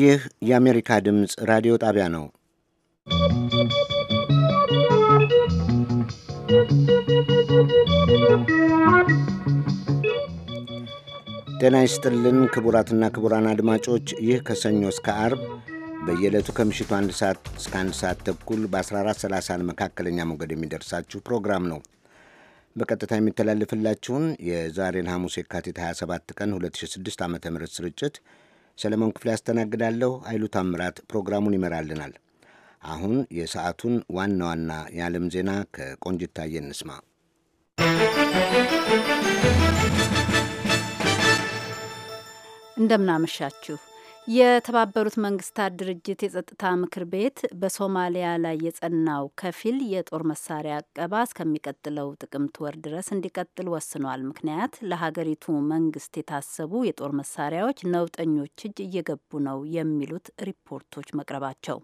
ይህ የአሜሪካ ድምፅ ራዲዮ ጣቢያ ነው። ጤና ይስጥልን ክቡራትና ክቡራን አድማጮች ይህ ከሰኞ እስከ አርብ በየዕለቱ ከምሽቱ አንድ ሰዓት እስከ አንድ ሰዓት ተኩል በ1430 መካከለኛ ሞገድ የሚደርሳችሁ ፕሮግራም ነው። በቀጥታ የሚተላለፍላችሁን የዛሬን ሐሙስ የካቲት 27 ቀን 2006 ዓ ም ስርጭት ሰለሞን ክፍሌ ያስተናግዳለሁ። ኃይሉ ታምራት ፕሮግራሙን ይመራልናል። አሁን የሰዓቱን ዋና ዋና የዓለም ዜና ከቆንጅታዬ እንስማ። እንደምናመሻችሁ የተባበሩት መንግስታት ድርጅት የጸጥታ ምክር ቤት በሶማሊያ ላይ የጸናው ከፊል የጦር መሳሪያ አቀባ እስከሚቀጥለው ጥቅምት ወር ድረስ እንዲቀጥል ወስኗል። ምክንያት ለሀገሪቱ መንግስት የታሰቡ የጦር መሳሪያዎች ነውጠኞች እጅ እየገቡ ነው የሚሉት ሪፖርቶች መቅረባቸው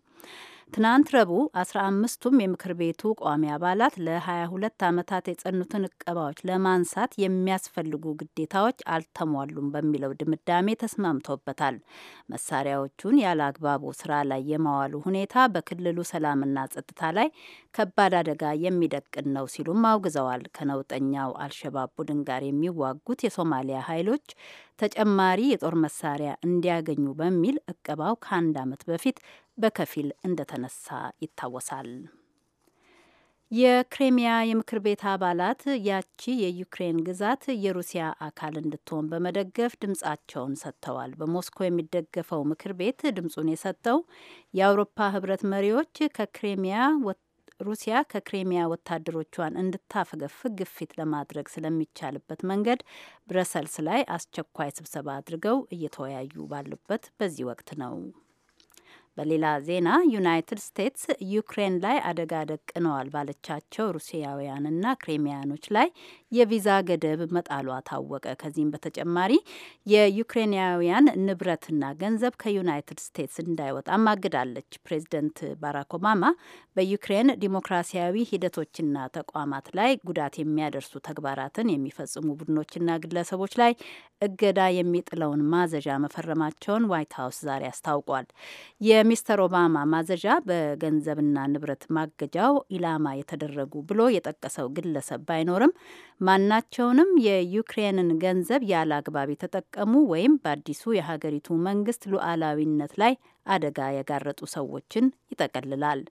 ትናንት ረቡዕ 15ቱም የምክር ቤቱ ቋሚ አባላት ለ22 ዓመታት የጸኑትን እቀባዎች ለማንሳት የሚያስፈልጉ ግዴታዎች አልተሟሉም በሚለው ድምዳሜ ተስማምቶበታል። መሳሪያዎቹን ያለ አግባቡ ስራ ላይ የማዋሉ ሁኔታ በክልሉ ሰላምና ጸጥታ ላይ ከባድ አደጋ የሚደቅን ነው ሲሉም አውግዘዋል። ከነውጠኛው አልሸባብ ቡድን ጋር የሚዋጉት የሶማሊያ ኃይሎች ተጨማሪ የጦር መሳሪያ እንዲያገኙ በሚል እቀባው ከአንድ ዓመት በፊት በከፊል እንደተነሳ ይታወሳል። የክሬሚያ የምክር ቤት አባላት ያቺ የዩክሬን ግዛት የሩሲያ አካል እንድትሆን በመደገፍ ድምጻቸውን ሰጥተዋል። በሞስኮ የሚደገፈው ምክር ቤት ድምጹን የሰጠው የአውሮፓ ህብረት መሪዎች ከክሬሚያ ሩሲያ ከክሬሚያ ወታደሮቿን እንድታፈገፍግ ግፊት ለማድረግ ስለሚቻልበት መንገድ ብረሰልስ ላይ አስቸኳይ ስብሰባ አድርገው እየተወያዩ ባሉበት በዚህ ወቅት ነው። በሌላ ዜና ዩናይትድ ስቴትስ ዩክሬን ላይ አደጋ ደቅነዋል ባለቻቸው ሩሲያውያንና ክሬሚያኖች ላይ የቪዛ ገደብ መጣሏ ታወቀ። ከዚህም በተጨማሪ የዩክሬናውያን ንብረትና ገንዘብ ከዩናይትድ ስቴትስ እንዳይወጣ ማግዳለች። ፕሬዚደንት ባራክ ኦባማ በዩክሬን ዲሞክራሲያዊ ሂደቶችና ተቋማት ላይ ጉዳት የሚያደርሱ ተግባራትን የሚፈጽሙ ቡድኖችና ግለሰቦች ላይ እገዳ የሚጥለውን ማዘዣ መፈረማቸውን ዋይት ሀውስ ዛሬ አስታውቋል። የሚስተር ኦባማ ማዘዣ በገንዘብና ንብረት ማገጃው ኢላማ የተደረጉ ብሎ የጠቀሰው ግለሰብ ባይኖርም ማናቸውንም የዩክሬንን ገንዘብ ያለ አግባብ የተጠቀሙ ወይም በአዲሱ የሀገሪቱ መንግስት ሉዓላዊነት ላይ አደጋ ያጋረጡ ሰዎችን ይጠቀልላል።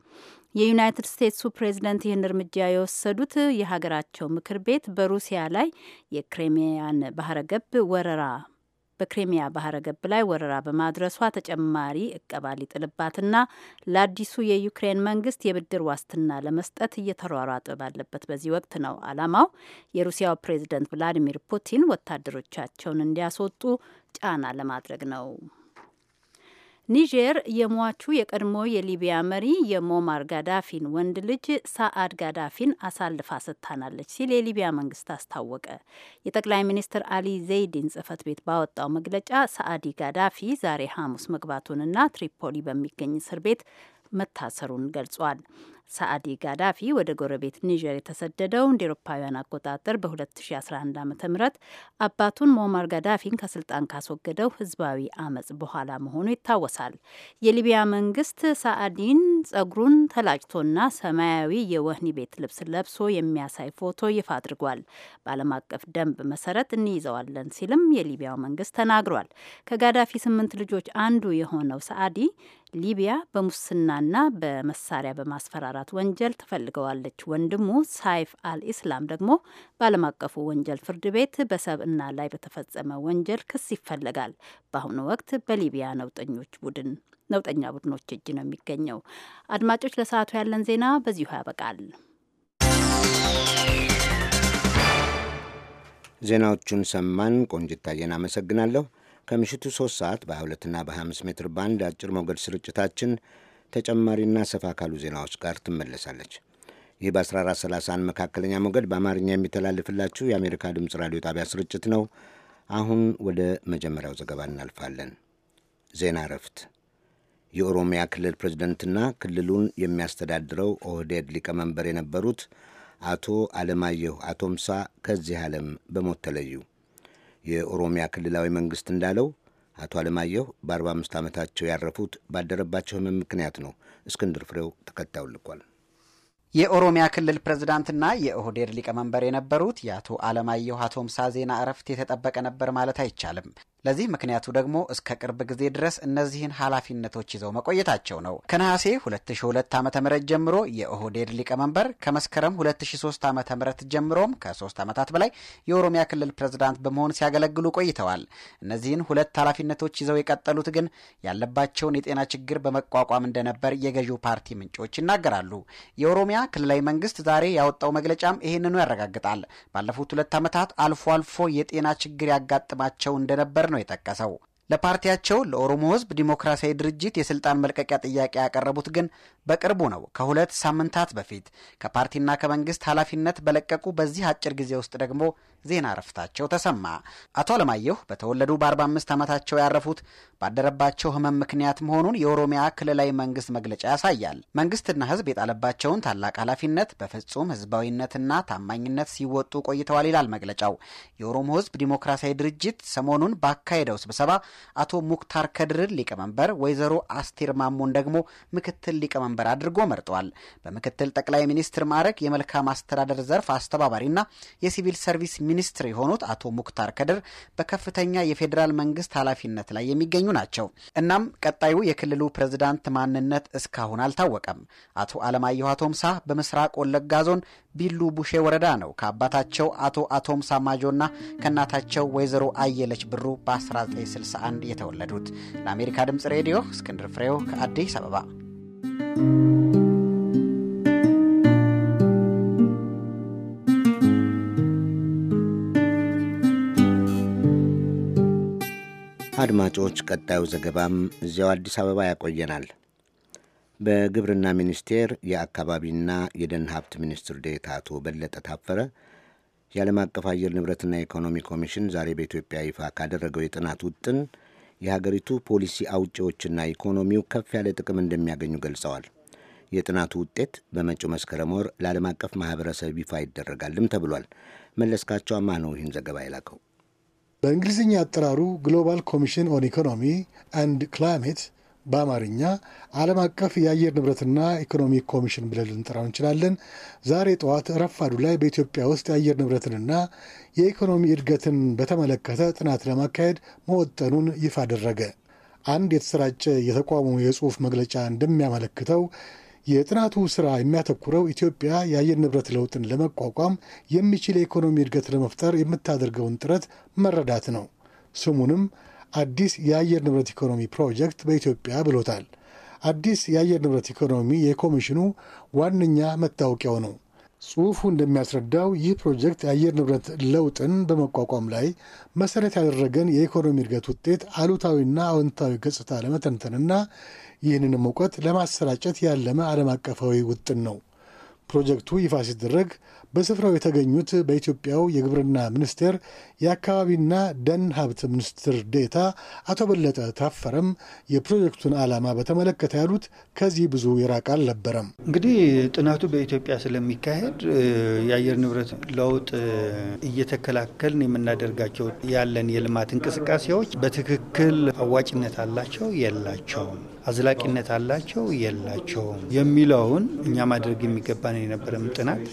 የዩናይትድ ስቴትሱ ፕሬዝደንት ይህን እርምጃ የወሰዱት የሀገራቸው ምክር ቤት በሩሲያ ላይ የክሬሚያን ባህረ ገብ ወረራ በክሬሚያ ባህረ ገብ ላይ ወረራ በማድረሷ ተጨማሪ እቀባ ሊጥልባትና ለአዲሱ የዩክሬን መንግስት የብድር ዋስትና ለመስጠት እየተሯሯጠ ባለበት በዚህ ወቅት ነው። አላማው የሩሲያው ፕሬዝደንት ቭላዲሚር ፑቲን ወታደሮቻቸውን እንዲያስወጡ ጫና ለማድረግ ነው። ኒጀር የሟቹ የቀድሞ የሊቢያ መሪ የሞማር ጋዳፊን ወንድ ልጅ ሳአድ ጋዳፊን አሳልፋ ሰጥታናለች ሲል የሊቢያ መንግስት አስታወቀ። የጠቅላይ ሚኒስትር አሊ ዘይዲን ጽህፈት ቤት ባወጣው መግለጫ ሳአዲ ጋዳፊ ዛሬ ሐሙስ መግባቱንና ትሪፖሊ በሚገኝ እስር ቤት መታሰሩን ገልጿል። ሳአዲ ጋዳፊ ወደ ጎረቤት ኒጀር የተሰደደው እንደ ኤሮፓውያን አቆጣጠር በ2011 ዓ ም አባቱን ሞማር ጋዳፊን ከስልጣን ካስወገደው ህዝባዊ አመጽ በኋላ መሆኑ ይታወሳል። የሊቢያ መንግስት ሳአዲን ጸጉሩን ተላጭቶና ሰማያዊ የወህኒ ቤት ልብስ ለብሶ የሚያሳይ ፎቶ ይፋ አድርጓል። በዓለም አቀፍ ደንብ መሰረት እንይዘዋለን ሲልም የሊቢያው መንግስት ተናግሯል። ከጋዳፊ ስምንት ልጆች አንዱ የሆነው ሳአዲ ሊቢያ በሙስናና በመሳሪያ በማስፈራራት ወንጀል ተፈልገዋለች። ወንድሙ ሳይፍ አልኢስላም ደግሞ በዓለም አቀፉ ወንጀል ፍርድ ቤት በሰብእና ላይ በተፈጸመ ወንጀል ክስ ይፈለጋል። በአሁኑ ወቅት በሊቢያ ነውጠኞች ቡድን ነውጠኛ ቡድኖች እጅ ነው የሚገኘው። አድማጮች፣ ለሰዓቱ ያለን ዜና በዚሁ ያበቃል። ዜናዎቹን ሰማን። ዜና አመሰግናለሁ። ከምሽቱ 3 ሰዓት በ22ና በ25 ሜትር ባንድ አጭር ሞገድ ስርጭታችን ተጨማሪና ሰፋ ካሉ ዜናዎች ጋር ትመለሳለች። ይህ በ1431 መካከለኛ ሞገድ በአማርኛ የሚተላልፍላችሁ የአሜሪካ ድምፅ ራዲዮ ጣቢያ ስርጭት ነው። አሁን ወደ መጀመሪያው ዘገባ እናልፋለን። ዜና እረፍት። የኦሮሚያ ክልል ፕሬዝደንትና ክልሉን የሚያስተዳድረው ኦህዴድ ሊቀመንበር የነበሩት አቶ አለማየሁ አቶምሳ ከዚህ ዓለም በሞት ተለዩ። የኦሮሚያ ክልላዊ መንግስት እንዳለው አቶ አለማየሁ በ45 ዓመታቸው ያረፉት ባደረባቸው ሕመም ምክንያት ነው። እስክንድር ፍሬው ተከታዩ ልኳል። የኦሮሚያ ክልል ፕሬዝዳንትና የኦህዴድ ሊቀመንበር የነበሩት የአቶ አለማየሁ አቶምሳ ዜና እረፍት የተጠበቀ ነበር ማለት አይቻልም። ለዚህ ምክንያቱ ደግሞ እስከ ቅርብ ጊዜ ድረስ እነዚህን ኃላፊነቶች ይዘው መቆየታቸው ነው። ከነሐሴ 2002 ዓ ም ጀምሮ የኦህዴድ ሊቀመንበር ከመስከረም 2003 ዓ ም ጀምሮም ከሶስት ዓመታት በላይ የኦሮሚያ ክልል ፕሬዝዳንት በመሆን ሲያገለግሉ ቆይተዋል። እነዚህን ሁለት ኃላፊነቶች ይዘው የቀጠሉት ግን ያለባቸውን የጤና ችግር በመቋቋም እንደነበር የገዢው ፓርቲ ምንጮች ይናገራሉ። የኦሮሚያ ክልላዊ መንግስት ዛሬ ያወጣው መግለጫም ይህንኑ ያረጋግጣል። ባለፉት ሁለት ዓመታት አልፎ አልፎ የጤና ችግር ያጋጥማቸው እንደነበር እንደነበር ነው የጠቀሰው። ለፓርቲያቸው ለኦሮሞ ህዝብ ዲሞክራሲያዊ ድርጅት የስልጣን መልቀቂያ ጥያቄ ያቀረቡት ግን በቅርቡ ነው። ከሁለት ሳምንታት በፊት ከፓርቲና ከመንግስት ኃላፊነት በለቀቁ በዚህ አጭር ጊዜ ውስጥ ደግሞ ዜና እረፍታቸው ተሰማ። አቶ አለማየሁ በተወለዱ በ45 ዓመታቸው ያረፉት ባደረባቸው ሕመም ምክንያት መሆኑን የኦሮሚያ ክልላዊ መንግስት መግለጫ ያሳያል። መንግስትና ሕዝብ የጣለባቸውን ታላቅ ኃላፊነት በፍጹም ሕዝባዊነትና ታማኝነት ሲወጡ ቆይተዋል ይላል መግለጫው። የኦሮሞ ሕዝብ ዲሞክራሲያዊ ድርጅት ሰሞኑን ባካሄደው ስብሰባ አቶ ሙክታር ከድርን ሊቀመንበር፣ ወይዘሮ አስቴር ማሞን ደግሞ ምክትል ሊቀመንበር አድርጎ መርጧል። በምክትል ጠቅላይ ሚኒስትር ማዕረግ የመልካም አስተዳደር ዘርፍ አስተባባሪና የሲቪል ሰርቪስ ሚኒስትር የሆኑት አቶ ሙክታር ከድር በከፍተኛ የፌዴራል መንግስት ኃላፊነት ላይ የሚገኙ ናቸው። እናም ቀጣዩ የክልሉ ፕሬዝዳንት ማንነት እስካሁን አልታወቀም። አቶ አለማየሁ አቶምሳ በምስራቅ ወለጋ ዞን ቢሉ ቡሼ ወረዳ ነው ከአባታቸው አቶ አቶምሳ ማጆና ከእናታቸው ወይዘሮ አየለች ብሩ በ1961 የተወለዱት። ለአሜሪካ ድምፅ ሬዲዮ እስክንድር ፍሬው ከአዲስ አበባ አድማጮች፣ ቀጣዩ ዘገባም እዚያው አዲስ አበባ ያቆየናል። በግብርና ሚኒስቴር የአካባቢና የደን ሀብት ሚኒስትር ዴኤታ አቶ በለጠ ታፈረ የዓለም አቀፍ አየር ንብረትና ኢኮኖሚ ኮሚሽን ዛሬ በኢትዮጵያ ይፋ ካደረገው የጥናት ውጥን የሀገሪቱ ፖሊሲ አውጪዎችና ኢኮኖሚው ከፍ ያለ ጥቅም እንደሚያገኙ ገልጸዋል። የጥናቱ ውጤት በመጪው መስከረም ወር ለዓለም አቀፍ ማህበረሰብ ይፋ ይደረጋልም ተብሏል። መለስካቸው አማህ ነው ይህን ዘገባ የላከው። በእንግሊዝኛ አጠራሩ ግሎባል ኮሚሽን ኦን ኢኮኖሚ አንድ ክላይሜት በአማርኛ ዓለም አቀፍ የአየር ንብረትና ኢኮኖሚ ኮሚሽን ብለን ልንጠራው እንችላለን። ዛሬ ጠዋት ረፋዱ ላይ በኢትዮጵያ ውስጥ የአየር ንብረትንና የኢኮኖሚ እድገትን በተመለከተ ጥናት ለማካሄድ መወጠኑን ይፋ አደረገ። አንድ የተሰራጨ የተቋሙ የጽሑፍ መግለጫ እንደሚያመለክተው የጥናቱ ስራ የሚያተኩረው ኢትዮጵያ የአየር ንብረት ለውጥን ለመቋቋም የሚችል የኢኮኖሚ እድገት ለመፍጠር የምታደርገውን ጥረት መረዳት ነው። ስሙንም አዲስ የአየር ንብረት ኢኮኖሚ ፕሮጀክት በኢትዮጵያ ብሎታል። አዲስ የአየር ንብረት ኢኮኖሚ የኮሚሽኑ ዋነኛ መታወቂያው ነው። ጽሑፉ እንደሚያስረዳው ይህ ፕሮጀክት የአየር ንብረት ለውጥን በመቋቋም ላይ መሰረት ያደረገን የኢኮኖሚ እድገት ውጤት አሉታዊና አዎንታዊ ገጽታ ለመተንተንና ይህንንም እውቀት ለማሰራጨት ያለመ ዓለም አቀፋዊ ውጥን ነው። ፕሮጀክቱ ይፋ ሲደረግ በስፍራው የተገኙት በኢትዮጵያው የግብርና ሚኒስቴር የአካባቢና ደን ሀብት ሚኒስትር ዴታ አቶ በለጠ ታፈረም የፕሮጀክቱን ዓላማ በተመለከተ ያሉት ከዚህ ብዙ የራቀ አልነበረም። እንግዲህ ጥናቱ በኢትዮጵያ ስለሚካሄድ የአየር ንብረት ለውጥ እየተከላከልን የምናደርጋቸው ያለን የልማት እንቅስቃሴዎች በትክክል አዋጭነት አላቸው የላቸውም አዝላቂነት አላቸው የላቸውም የሚለውን እኛ ማድረግ የሚገባን የነበረም ጥናት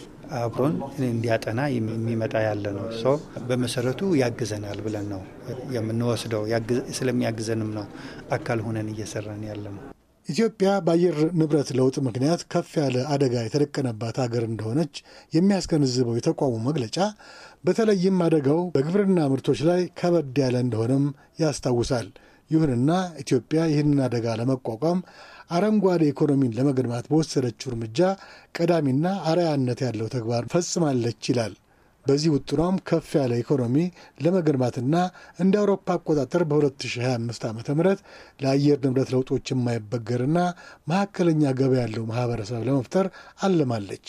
አብሮን እንዲያጠና የሚመጣ ያለ ነው። በመሰረቱ ያግዘናል ብለን ነው የምንወስደው። ስለሚያግዘንም ነው አካል ሆነን እየሰራን ያለ ነው። ኢትዮጵያ በአየር ንብረት ለውጥ ምክንያት ከፍ ያለ አደጋ የተደቀነባት ሀገር እንደሆነች የሚያስገነዝበው የተቋሙ መግለጫ በተለይም አደጋው በግብርና ምርቶች ላይ ከበድ ያለ እንደሆነም ያስታውሳል። ይሁንና ኢትዮጵያ ይህንን አደጋ ለመቋቋም አረንጓዴ ኢኮኖሚን ለመገንባት በወሰደችው እርምጃ ቀዳሚና አርአያነት ያለው ተግባር ፈጽማለች ይላል። በዚህ ውጥኗም ከፍ ያለ ኢኮኖሚ ለመገንባትና እንደ አውሮፓ አቆጣጠር በ2025 ዓ ም ለአየር ንብረት ለውጦች የማይበገርና መካከለኛ ገበያ ያለው ማህበረሰብ ለመፍጠር አልማለች።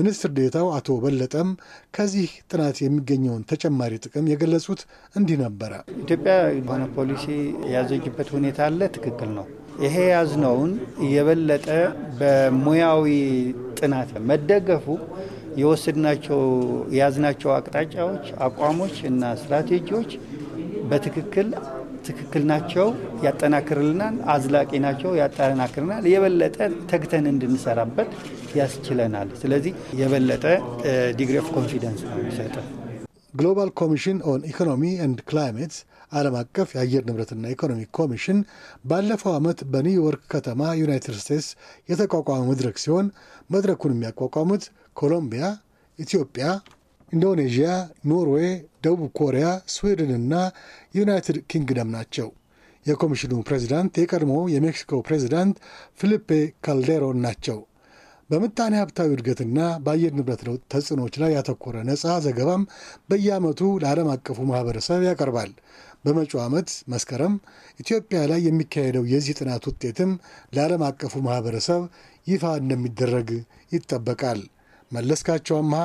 ሚኒስትር ዴታው አቶ በለጠም ከዚህ ጥናት የሚገኘውን ተጨማሪ ጥቅም የገለጹት እንዲህ ነበረ። ኢትዮጵያ የሆነ ፖሊሲ የያዘችበት ሁኔታ አለ። ትክክል ነው። ይሄ ያዝነውን የበለጠ በሙያዊ ጥናት መደገፉ የወሰድናቸው የያዝናቸው አቅጣጫዎች፣ አቋሞች እና ስትራቴጂዎች በትክክል ትክክል ናቸው፣ ያጠናክርልናል። አዝላቂ ናቸው፣ ያጠናክርናል። የበለጠ ተግተን እንድንሰራበት ያስችለናል። ስለዚህ የበለጠ ዲግሪ ኦፍ ኮንፊደንስ ነው የሚሰጠ። ግሎባል ኮሚሽን ኦን ኢኮኖሚ ኤንድ ክላይሜት ዓለም አቀፍ የአየር ንብረትና ኢኮኖሚ ኮሚሽን ባለፈው ዓመት በኒውዮርክ ከተማ ዩናይትድ ስቴትስ የተቋቋመ መድረክ ሲሆን መድረኩን የሚያቋቋሙት ኮሎምቢያ፣ ኢትዮጵያ ኢንዶኔዥያ፣ ኖርዌይ፣ ደቡብ ኮሪያ፣ ስዊድንና ዩናይትድ ኪንግደም ናቸው። የኮሚሽኑ ፕሬዚዳንት የቀድሞ የሜክሲኮ ፕሬዚዳንት ፊሊፔ ካልዴሮን ናቸው። በምጣኔ ሀብታዊ እድገትና በአየር ንብረት ለውጥ ተጽዕኖዎች ላይ ያተኮረ ነፃ ዘገባም በየዓመቱ ለዓለም አቀፉ ማህበረሰብ ያቀርባል። በመጪው ዓመት መስከረም ኢትዮጵያ ላይ የሚካሄደው የዚህ ጥናት ውጤትም ለዓለም አቀፉ ማህበረሰብ ይፋ እንደሚደረግ ይጠበቃል። መለስካቸው አምሃ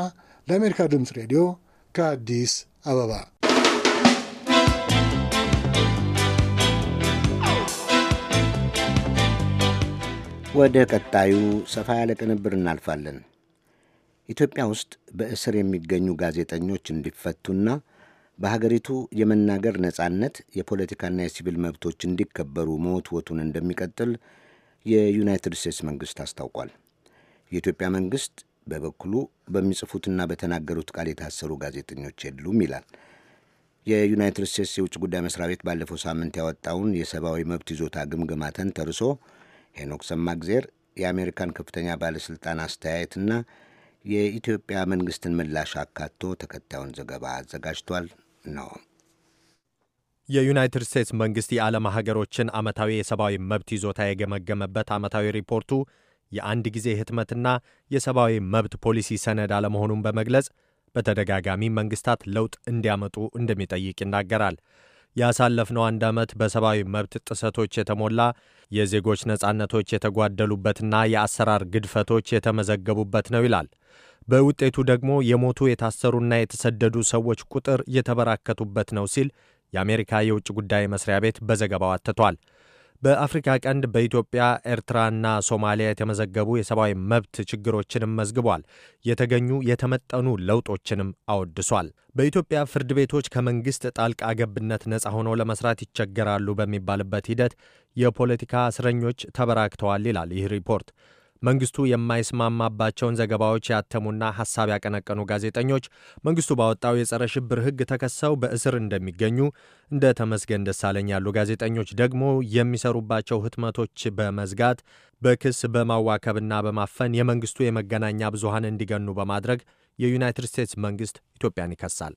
ለአሜሪካ ድምፅ ሬዲዮ ከአዲስ አበባ ወደ ቀጣዩ ሰፋ ያለ ቅንብር እናልፋለን። ኢትዮጵያ ውስጥ በእስር የሚገኙ ጋዜጠኞች እንዲፈቱና በሀገሪቱ የመናገር ነጻነት የፖለቲካና የሲቪል መብቶች እንዲከበሩ መወትወቱን እንደሚቀጥል የዩናይትድ ስቴትስ መንግሥት አስታውቋል። የኢትዮጵያ መንግሥት በበኩሉ በሚጽፉትና በተናገሩት ቃል የታሰሩ ጋዜጠኞች የሉም ይላል። የዩናይትድ ስቴትስ የውጭ ጉዳይ መስሪያ ቤት ባለፈው ሳምንት ያወጣውን የሰብአዊ መብት ይዞታ ግምገማ ተንተርሶ ሄኖክ ሰማግዜር የአሜሪካን ከፍተኛ ባለሥልጣን አስተያየትና የኢትዮጵያ መንግሥትን ምላሽ አካቶ ተከታዩን ዘገባ አዘጋጅቷል ነው። የዩናይትድ ስቴትስ መንግሥት የዓለም ሀገሮችን ዓመታዊ የሰብአዊ መብት ይዞታ የገመገመበት ዓመታዊ ሪፖርቱ የአንድ ጊዜ ህትመትና የሰብአዊ መብት ፖሊሲ ሰነድ አለመሆኑን በመግለጽ በተደጋጋሚ መንግስታት ለውጥ እንዲያመጡ እንደሚጠይቅ ይናገራል። ያሳለፍነው አንድ ዓመት በሰብአዊ መብት ጥሰቶች የተሞላ የዜጎች ነጻነቶች የተጓደሉበትና የአሰራር ግድፈቶች የተመዘገቡበት ነው ይላል። በውጤቱ ደግሞ የሞቱ የታሰሩና የተሰደዱ ሰዎች ቁጥር የተበራከቱበት ነው ሲል የአሜሪካ የውጭ ጉዳይ መስሪያ ቤት በዘገባው አትቷል። በአፍሪካ ቀንድ በኢትዮጵያ ኤርትራና ሶማሊያ የተመዘገቡ የሰብአዊ መብት ችግሮችንም መዝግቧል። የተገኙ የተመጠኑ ለውጦችንም አወድሷል። በኢትዮጵያ ፍርድ ቤቶች ከመንግሥት ጣልቃ ገብነት ነፃ ሆነው ለመስራት ይቸገራሉ በሚባልበት ሂደት የፖለቲካ እስረኞች ተበራክተዋል ይላል ይህ ሪፖርት። መንግስቱ የማይስማማባቸውን ዘገባዎች ያተሙና ሐሳብ ያቀነቀኑ ጋዜጠኞች መንግስቱ ባወጣው የጸረ ሽብር ሕግ ተከሰው በእስር እንደሚገኙ፣ እንደ ተመስገን ደሳለኝ ያሉ ጋዜጠኞች ደግሞ የሚሰሩባቸው ህትመቶች በመዝጋት በክስ በማዋከብና በማፈን የመንግስቱ የመገናኛ ብዙሃን እንዲገኑ በማድረግ የዩናይትድ ስቴትስ መንግስት ኢትዮጵያን ይከሳል።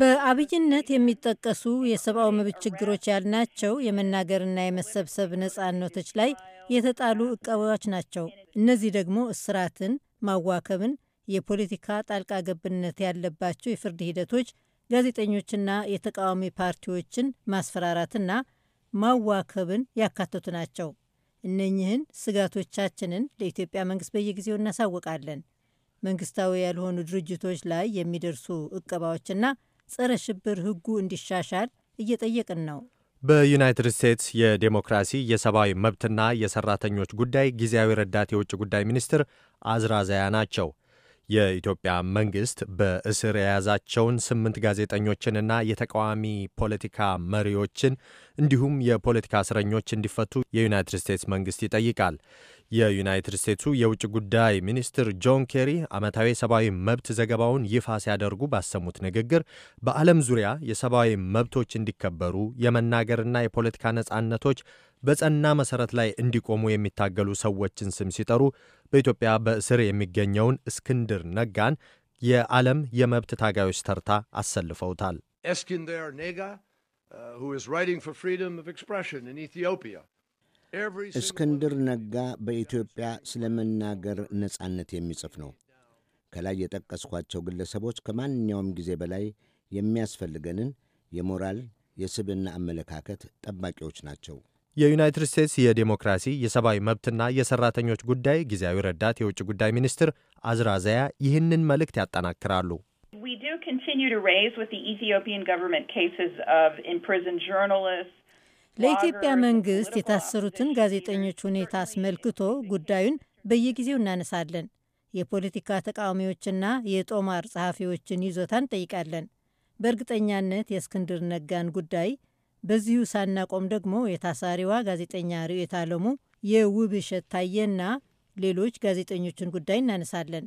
በአብይነት የሚጠቀሱ የሰብአዊ መብት ችግሮች ያልናቸው የመናገርና የመሰብሰብ ነጻነቶች ላይ የተጣሉ እቀባዎች ናቸው። እነዚህ ደግሞ እስራትን፣ ማዋከብን፣ የፖለቲካ ጣልቃ ገብነት ያለባቸው የፍርድ ሂደቶች፣ ጋዜጠኞችና የተቃዋሚ ፓርቲዎችን ማስፈራራትና ማዋከብን ያካተቱ ናቸው። እነኝህን ስጋቶቻችንን ለኢትዮጵያ መንግስት በየጊዜው እናሳውቃለን። መንግስታዊ ያልሆኑ ድርጅቶች ላይ የሚደርሱ እቀባዎችና ጸረ ሽብር ህጉ እንዲሻሻል እየጠየቅን ነው። በዩናይትድ ስቴትስ የዴሞክራሲ የሰብአዊ መብትና የሰራተኞች ጉዳይ ጊዜያዊ ረዳት የውጭ ጉዳይ ሚኒስትር አዝራዛያ ናቸው። የኢትዮጵያ መንግስት በእስር የያዛቸውን ስምንት ጋዜጠኞችንና የተቃዋሚ ፖለቲካ መሪዎችን እንዲሁም የፖለቲካ እስረኞች እንዲፈቱ የዩናይትድ ስቴትስ መንግስት ይጠይቃል። የዩናይትድ ስቴትሱ የውጭ ጉዳይ ሚኒስትር ጆን ኬሪ ዓመታዊ ሰብአዊ መብት ዘገባውን ይፋ ሲያደርጉ ባሰሙት ንግግር በዓለም ዙሪያ የሰብአዊ መብቶች እንዲከበሩ የመናገርና የፖለቲካ ነጻነቶች በጸና መሠረት ላይ እንዲቆሙ የሚታገሉ ሰዎችን ስም ሲጠሩ በኢትዮጵያ በእስር የሚገኘውን እስክንድር ነጋን የዓለም የመብት ታጋዮች ተርታ አሰልፈውታል። uh, እስክንድር ነጋ እስክንድር ነጋ በኢትዮጵያ ስለ መናገር ነጻነት የሚጽፍ ነው። ከላይ የጠቀስኳቸው ግለሰቦች ከማንኛውም ጊዜ በላይ የሚያስፈልገንን የሞራል የስብና አመለካከት ጠባቂዎች ናቸው። የዩናይትድ ስቴትስ የዴሞክራሲ የሰብአዊ መብትና የሰራተኞች ጉዳይ ጊዜያዊ ረዳት የውጭ ጉዳይ ሚኒስትር አዝራዛያ ይህንን መልእክት ያጠናክራሉ። ለኢትዮጵያ መንግስት የታሰሩትን ጋዜጠኞች ሁኔታ አስመልክቶ ጉዳዩን በየጊዜው እናነሳለን። የፖለቲካ ተቃዋሚዎችና የጦማር ጸሐፊዎችን ይዞታ እንጠይቃለን። በእርግጠኛነት የእስክንድር ነጋን ጉዳይ በዚሁ ሳናቆም ደግሞ የታሳሪዋ ጋዜጠኛ ርዕዮት አለሙ የውብሸት ታየና ሌሎች ጋዜጠኞችን ጉዳይ እናነሳለን።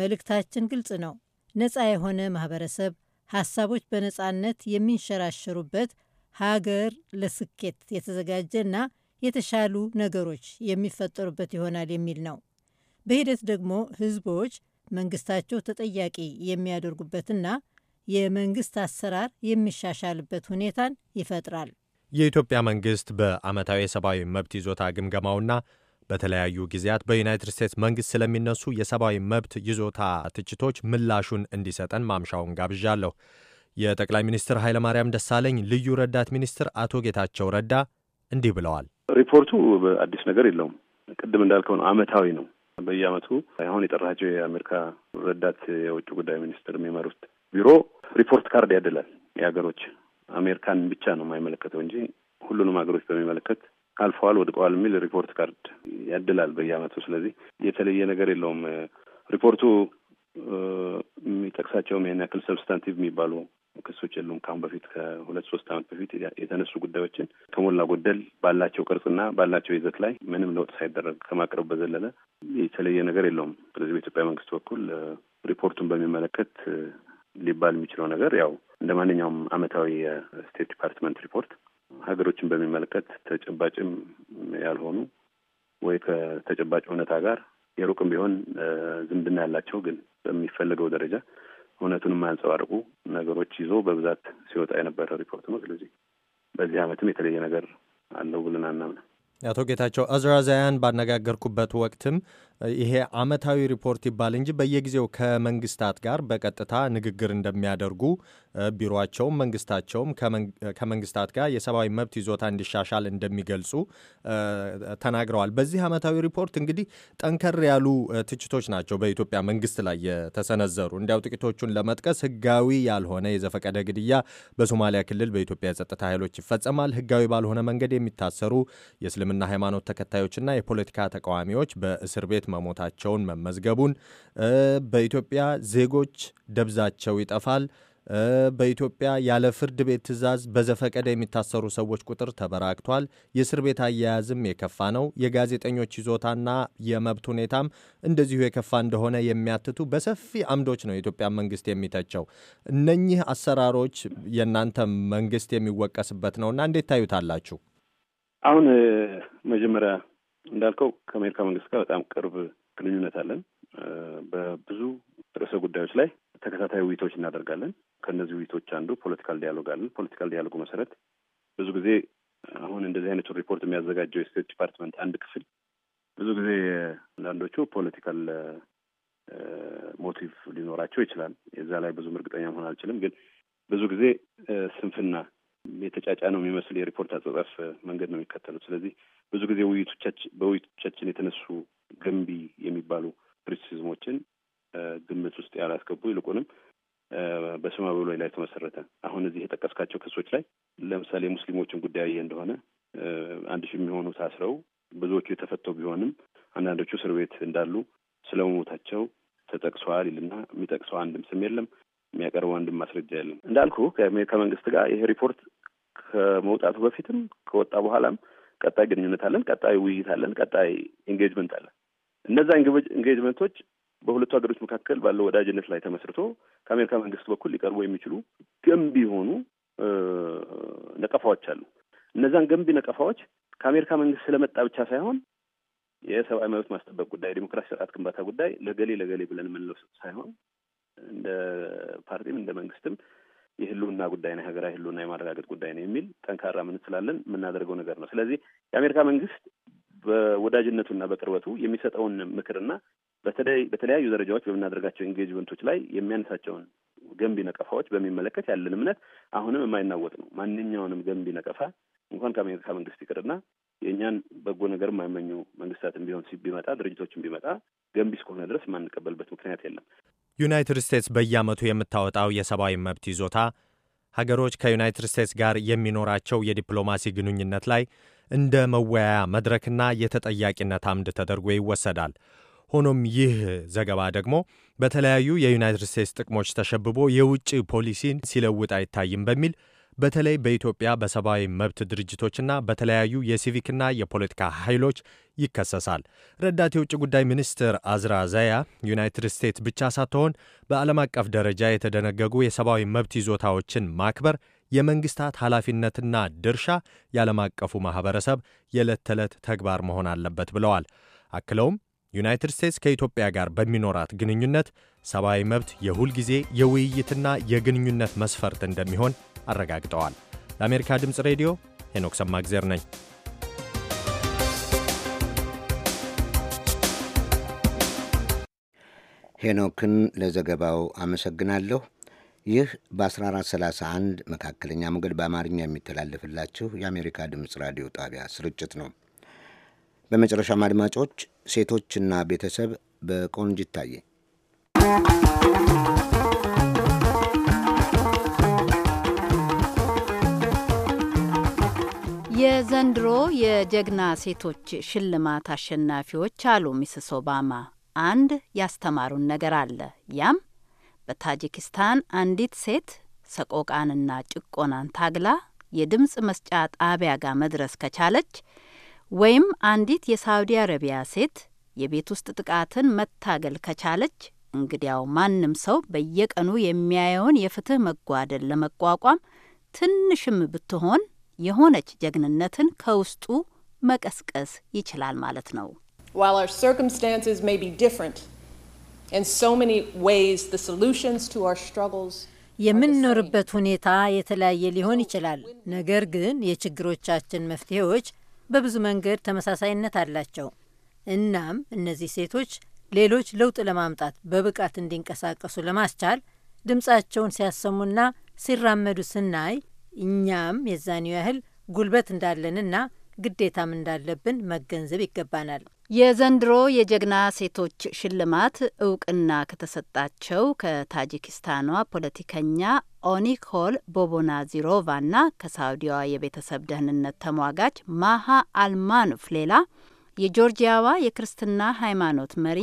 መልእክታችን ግልጽ ነው። ነፃ የሆነ ማህበረሰብ፣ ሀሳቦች በነፃነት የሚንሸራሸሩበት ሀገር ለስኬት የተዘጋጀና የተሻሉ ነገሮች የሚፈጠሩበት ይሆናል የሚል ነው። በሂደት ደግሞ ህዝቦች መንግስታቸው ተጠያቂ የሚያደርጉበትና የመንግስት አሰራር የሚሻሻልበት ሁኔታን ይፈጥራል። የኢትዮጵያ መንግስት በዓመታዊ የሰብአዊ መብት ይዞታ ግምገማውና በተለያዩ ጊዜያት በዩናይትድ ስቴትስ መንግስት ስለሚነሱ የሰብአዊ መብት ይዞታ ትችቶች ምላሹን እንዲሰጠን ማምሻውን ጋብዣለሁ። የጠቅላይ ሚኒስትር ኃይለማርያም ደሳለኝ ልዩ ረዳት ሚኒስትር አቶ ጌታቸው ረዳ እንዲህ ብለዋል። ሪፖርቱ አዲስ ነገር የለውም። ቅድም እንዳልከውን አመታዊ ነው። በየአመቱ አሁን የጠራቸው የአሜሪካ ረዳት የውጭ ጉዳይ ሚኒስትር የሚመሩት ቢሮ ሪፖርት ካርድ ያደላል። የሀገሮች አሜሪካን ብቻ ነው የማይመለከተው እንጂ ሁሉንም ሀገሮች በሚመለከት አልፈዋል፣ ወድቀዋል የሚል ሪፖርት ካርድ ያድላል በየአመቱ ስለዚህ የተለየ ነገር የለውም። ሪፖርቱ የሚጠቅሳቸውም ይህን ያክል ሰብስታንቲቭ የሚባሉ ክሶች የሉም። ከአሁን በፊት ከሁለት ሶስት ዓመት በፊት የተነሱ ጉዳዮችን ከሞላ ጎደል ባላቸው ቅርጽና ባላቸው ይዘት ላይ ምንም ለውጥ ሳይደረግ ከማቅረብ በዘለለ የተለየ ነገር የለውም። ስለዚህ በኢትዮጵያ መንግስት በኩል ሪፖርቱን በሚመለከት ሊባል የሚችለው ነገር ያው እንደ ማንኛውም አመታዊ የስቴት ዲፓርትመንት ሪፖርት ሀገሮችን በሚመለከት ተጨባጭም ያልሆኑ ወይ ከተጨባጭ እውነታ ጋር የሩቅም ቢሆን ዝምድና ያላቸው ግን በሚፈልገው ደረጃ እውነቱን የማያንጸባርቁ ነገሮች ይዞ በብዛት ሲወጣ የነበረ ሪፖርት ነው። ስለዚህ በዚህ ዓመትም የተለየ ነገር አለው ብለን አናምነ። አቶ ጌታቸው አዝራዛያን ባነጋገርኩበት ወቅትም ይሄ አመታዊ ሪፖርት ይባል እንጂ በየጊዜው ከመንግስታት ጋር በቀጥታ ንግግር እንደሚያደርጉ ቢሮቸውም መንግስታቸውም ከመንግስታት ጋር የሰብአዊ መብት ይዞታ እንዲሻሻል እንደሚገልጹ ተናግረዋል። በዚህ አመታዊ ሪፖርት እንግዲህ ጠንከር ያሉ ትችቶች ናቸው በኢትዮጵያ መንግስት ላይ የተሰነዘሩ። እንዲያው ጥቂቶቹን ለመጥቀስ ህጋዊ ያልሆነ የዘፈቀደ ግድያ በሶማሊያ ክልል በኢትዮጵያ የጸጥታ ኃይሎች ይፈጸማል። ህጋዊ ባልሆነ መንገድ የሚታሰሩ የእስልምና ሃይማኖት ተከታዮችና የፖለቲካ ተቃዋሚዎች በእስር ቤት መሞታቸውን መመዝገቡን፣ በኢትዮጵያ ዜጎች ደብዛቸው ይጠፋል፣ በኢትዮጵያ ያለ ፍርድ ቤት ትዕዛዝ በዘፈቀደ የሚታሰሩ ሰዎች ቁጥር ተበራክቷል፣ የእስር ቤት አያያዝም የከፋ ነው፣ የጋዜጠኞች ይዞታና የመብት ሁኔታም እንደዚሁ የከፋ እንደሆነ የሚያትቱ በሰፊ አምዶች ነው የኢትዮጵያ መንግስት የሚተቸው። እነኚህ አሰራሮች የእናንተ መንግስት የሚወቀስበት ነውና እንዴት ታዩታላችሁ? አሁን መጀመሪያ እንዳልከው ከአሜሪካ መንግስት ጋር በጣም ቅርብ ግንኙነት አለን። በብዙ ርዕሰ ጉዳዮች ላይ ተከታታይ ውይይቶች እናደርጋለን። ከእነዚህ ውይይቶች አንዱ ፖለቲካል ዲያሎግ አለን። ፖለቲካል ዲያሎጉ መሰረት ብዙ ጊዜ አሁን እንደዚህ አይነቱ ሪፖርት የሚያዘጋጀው የስቴት ዲፓርትመንት አንድ ክፍል ብዙ ጊዜ አንዳንዶቹ ፖለቲካል ሞቲቭ ሊኖራቸው ይችላል። የዛ ላይ ብዙም እርግጠኛ መሆን አልችልም። ግን ብዙ ጊዜ ስንፍና የተጫጫ ነው የሚመስል የሪፖርት አጸጻፍ መንገድ ነው የሚከተሉት። ስለዚህ ብዙ ጊዜ በውይይቶቻችን የተነሱ ገንቢ የሚባሉ ክሪቲሲዝሞችን ግምት ውስጥ ያላስገቡ ይልቁንም በስማ በብሎ ላይ ተመሰረተ አሁን እዚህ የጠቀስካቸው ክሶች ላይ ለምሳሌ ሙስሊሞችን ጉዳይ እንደሆነ አንድ ሺህ የሚሆኑ ታስረው ብዙዎቹ የተፈተው ቢሆንም አንዳንዶቹ እስር ቤት እንዳሉ ስለ መሞታቸው ተጠቅሰዋል ይልና የሚጠቅሰው አንድም ስም የለም፣ የሚያቀርበው አንድም ማስረጃ የለም። እንዳልኩ ከመንግስት ጋር ይሄ ሪፖርት ከመውጣቱ በፊትም ከወጣ በኋላም ቀጣይ ግንኙነት አለን፣ ቀጣይ ውይይት አለን፣ ቀጣይ ኤንጌጅመንት አለን። እነዛ ኤንጌጅመንቶች በሁለቱ ሀገሮች መካከል ባለው ወዳጅነት ላይ ተመስርቶ ከአሜሪካ መንግስት በኩል ሊቀርቡ የሚችሉ ገንቢ የሆኑ ነቀፋዎች አሉ። እነዛን ገንቢ ነቀፋዎች ከአሜሪካ መንግስት ስለመጣ ብቻ ሳይሆን የሰብአዊ መብት ማስጠበቅ ጉዳይ፣ የዲሞክራሲ ስርዓት ግንባታ ጉዳይ ለገሌ ለገሌ ብለን የምንለው ሳይሆን እንደ ፓርቲም እንደ መንግስትም የህልውና ጉዳይ ነው፣ የሀገራዊ ህልውና የማረጋገጥ ጉዳይ ነው የሚል ጠንካራ ምን ስላለን የምናደርገው ነገር ነው። ስለዚህ የአሜሪካ መንግስት በወዳጅነቱና በቅርበቱ የሚሰጠውን ምክርና በተለያዩ ደረጃዎች በምናደርጋቸው ኤንጌጅመንቶች ላይ የሚያነሳቸውን ገንቢ ነቀፋዎች በሚመለከት ያለን እምነት አሁንም የማይናወጥ ነው። ማንኛውንም ገንቢ ነቀፋ እንኳን ከአሜሪካ መንግስት ይቅርና የእኛን በጎ ነገር የማይመኙ መንግስታትን ቢሆን ቢመጣ ድርጅቶችን ቢመጣ ገንቢ እስከሆነ ድረስ የማንቀበልበት ምክንያት የለም። ዩናይትድ ስቴትስ በየዓመቱ የምታወጣው የሰብአዊ መብት ይዞታ ሀገሮች ከዩናይትድ ስቴትስ ጋር የሚኖራቸው የዲፕሎማሲ ግንኙነት ላይ እንደ መወያያ መድረክና የተጠያቂነት አምድ ተደርጎ ይወሰዳል። ሆኖም ይህ ዘገባ ደግሞ በተለያዩ የዩናይትድ ስቴትስ ጥቅሞች ተሸብቦ የውጭ ፖሊሲን ሲለውጥ አይታይም በሚል በተለይ በኢትዮጵያ በሰብአዊ መብት ድርጅቶችና በተለያዩ የሲቪክና የፖለቲካ ኃይሎች ይከሰሳል። ረዳት የውጭ ጉዳይ ሚኒስትር አዝራ ዛያ ዩናይትድ ስቴትስ ብቻ ሳትሆን በዓለም አቀፍ ደረጃ የተደነገጉ የሰብአዊ መብት ይዞታዎችን ማክበር የመንግስታት ኃላፊነትና ድርሻ የዓለም አቀፉ ማኅበረሰብ የዕለት ተዕለት ተግባር መሆን አለበት ብለዋል። አክለውም ዩናይትድ ስቴትስ ከኢትዮጵያ ጋር በሚኖራት ግንኙነት ሰብአዊ መብት የሁል ጊዜ የውይይትና የግንኙነት መስፈርት እንደሚሆን አረጋግጠዋል። ለአሜሪካ ድምፅ ሬዲዮ ሄኖክ ሰማግዜር ነኝ። ሄኖክን ለዘገባው አመሰግናለሁ። ይህ በ1431 መካከለኛ ሞገድ በአማርኛ የሚተላለፍላችሁ የአሜሪካ ድምፅ ራዲዮ ጣቢያ ስርጭት ነው። በመጨረሻም አድማጮች ሴቶችና ቤተሰብ በቆንጅ ይታየ። የዘንድሮ የጀግና ሴቶች ሽልማት አሸናፊዎች አሉ ሚስስ ኦባማ አንድ ያስተማሩን ነገር አለ። ያም በታጂኪስታን አንዲት ሴት ሰቆቃንና ጭቆናን ታግላ የድምፅ መስጫ ጣቢያ ጋር መድረስ ከቻለች ወይም አንዲት የሳውዲ አረቢያ ሴት የቤት ውስጥ ጥቃትን መታገል ከቻለች እንግዲያው ማንም ሰው በየቀኑ የሚያየውን የፍትህ መጓደል ለመቋቋም ትንሽም ብትሆን የሆነች ጀግንነትን ከውስጡ መቀስቀስ ይችላል ማለት ነው። የምንኖርበት ሁኔታ የተለያየ ሊሆን ይችላል። ነገር ግን የችግሮቻችን መፍትሄዎች በብዙ መንገድ ተመሳሳይነት አላቸው። እናም እነዚህ ሴቶች ሌሎች ለውጥ ለማምጣት በብቃት እንዲንቀሳቀሱ ለማስቻል ድምፃቸውን ሲያሰሙና ሲራመዱ ስናይ እኛም የዛኔው ያህል ጉልበት እንዳለንና ግዴታም እንዳለብን መገንዘብ ይገባናል። የዘንድሮ የጀግና ሴቶች ሽልማት እውቅና ከተሰጣቸው ከታጂኪስታኗ ፖለቲከኛ ኦኒኮል ቦቦናዚሮቫና ከሳውዲዋ የቤተሰብ ደህንነት ተሟጋች ማሃ አልማኑፍ ሌላ የጆርጂያዋ የክርስትና ሃይማኖት መሪ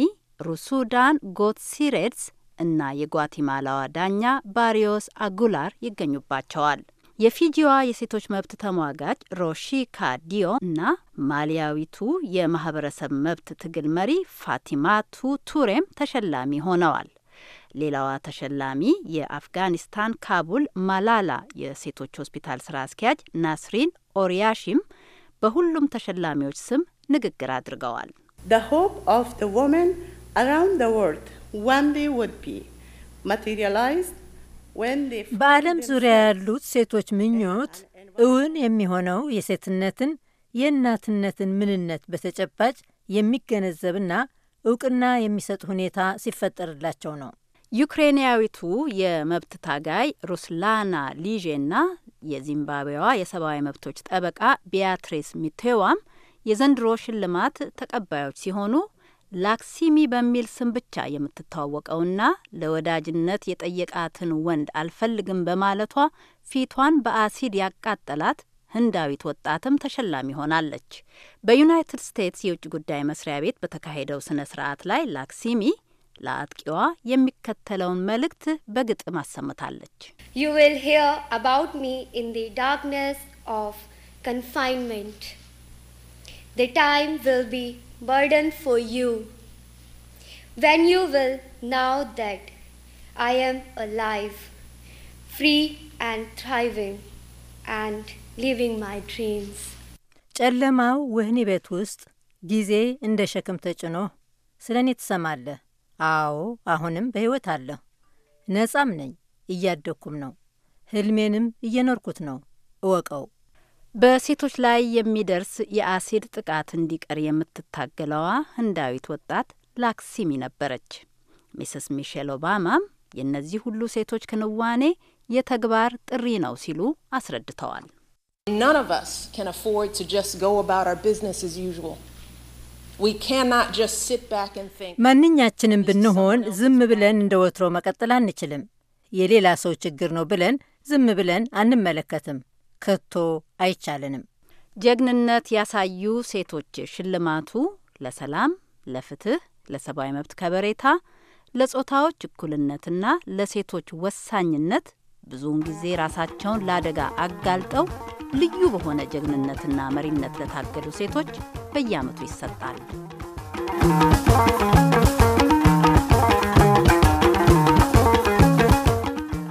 ሩሱዳን ጎትሲሬድስ እና የጓቲማላዋ ዳኛ ባሪዮስ አጉላር ይገኙባቸዋል። የፊጂዋ የሴቶች መብት ተሟጋች ሮሺካ ዲዮ እና ማሊያዊቱ የማህበረሰብ መብት ትግል መሪ ፋቲማቱ ቱሬም ተሸላሚ ሆነዋል። ሌላዋ ተሸላሚ የአፍጋኒስታን ካቡል ማላላ የሴቶች ሆስፒታል ስራ አስኪያጅ ናስሪን ኦሪያሺም በሁሉም ተሸላሚዎች ስም ንግግር አድርገዋል። ሆፕ ኦፍ ዘ ወመን አራውንድ በዓለም ዙሪያ ያሉት ሴቶች ምኞት እውን የሚሆነው የሴትነትን የእናትነትን ምንነት በተጨባጭ የሚገነዘብና እውቅና የሚሰጥ ሁኔታ ሲፈጠርላቸው ነው። ዩክሬንያዊቱ የመብት ታጋይ ሩስላና ሊዤና የዚምባብዌዋ የሰብአዊ መብቶች ጠበቃ ቢያትሪስ ሚቴዋም የዘንድሮ ሽልማት ተቀባዮች ሲሆኑ ላክሲሚ በሚል ስም ብቻ የምትተዋወቀውና ለወዳጅነት የጠየቃትን ወንድ አልፈልግም በማለቷ ፊቷን በአሲድ ያቃጠላት ህንዳዊት ወጣትም ተሸላሚ ሆናለች። በዩናይትድ ስቴትስ የውጭ ጉዳይ መስሪያ ቤት በተካሄደው ስነ ስርዓት ላይ ላክሲሚ ለአጥቂዋ የሚከተለውን መልእክት በግጥም አሰምታለች። ዩ ዊል ሂር አባውት ሚ ኢን ዲ ዳርክነስ ኦፍ ኮንፋይንመንት The time will be burden for you. When you will, know that I am alive, free and thriving, and living my dreams. ጨለማው ወህኒ ቤት ውስጥ ጊዜ እንደ ሸክም ተጭኖ ስለ እኔ ትሰማለህ። አዎ አሁንም በሕይወት አለሁ፣ ነጻም ነኝ፣ እያደግኩም ነው፣ ሕልሜንም እየኖርኩት ነው። እወቀው በሴቶች ላይ የሚደርስ የአሲድ ጥቃት እንዲቀር የምትታገለዋ ህንዳዊት ወጣት ላክሲሚ ነበረች። ሚስስ ሚሼል ኦባማም የእነዚህ ሁሉ ሴቶች ክንዋኔ የተግባር ጥሪ ነው ሲሉ አስረድተዋል። ማንኛችንም ብንሆን ዝም ብለን እንደ ወትሮ መቀጠል አንችልም። የሌላ ሰው ችግር ነው ብለን ዝም ብለን አንመለከትም። ከቶ አይቻለንም። ጀግንነት ያሳዩ ሴቶች ሽልማቱ ለሰላም፣ ለፍትህ፣ ለሰብአዊ መብት ከበሬታ፣ ለጾታዎች እኩልነትና ለሴቶች ወሳኝነት ብዙውን ጊዜ ራሳቸውን ለአደጋ አጋልጠው ልዩ በሆነ ጀግንነትና መሪነት ለታገሉ ሴቶች በየዓመቱ ይሰጣል።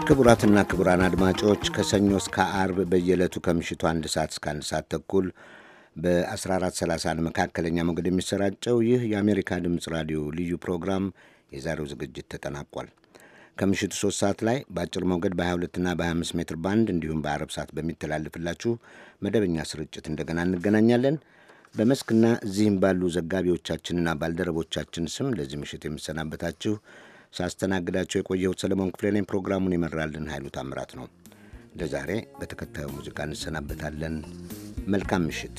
ክቡራትና ክቡራን አድማጮች ከሰኞ እስከ አርብ በየዕለቱ ከምሽቱ አንድ ሰዓት እስከ አንድ ሰዓት ተኩል በ1430 መካከለኛ ሞገድ የሚሰራጨው ይህ የአሜሪካ ድምፅ ራዲዮ ልዩ ፕሮግራም የዛሬው ዝግጅት ተጠናቋል። ከምሽቱ 3 ሰዓት ላይ በአጭር ሞገድ በ22ና በ25 ሜትር ባንድ እንዲሁም በአረብ ሰዓት በሚተላለፍላችሁ መደበኛ ስርጭት እንደገና እንገናኛለን። በመስክና እዚህም ባሉ ዘጋቢዎቻችንና ባልደረቦቻችን ስም ለዚህ ምሽት የምሰናበታችሁ ሳስተናግዳቸው የቆየሁት ሰለሞን ክፍሌ ነኝ። ፕሮግራሙን የመራልን ኃይሉ ታምራት ነው። ለዛሬ በተከታዩ ሙዚቃ እንሰናበታለን። መልካም ምሽት።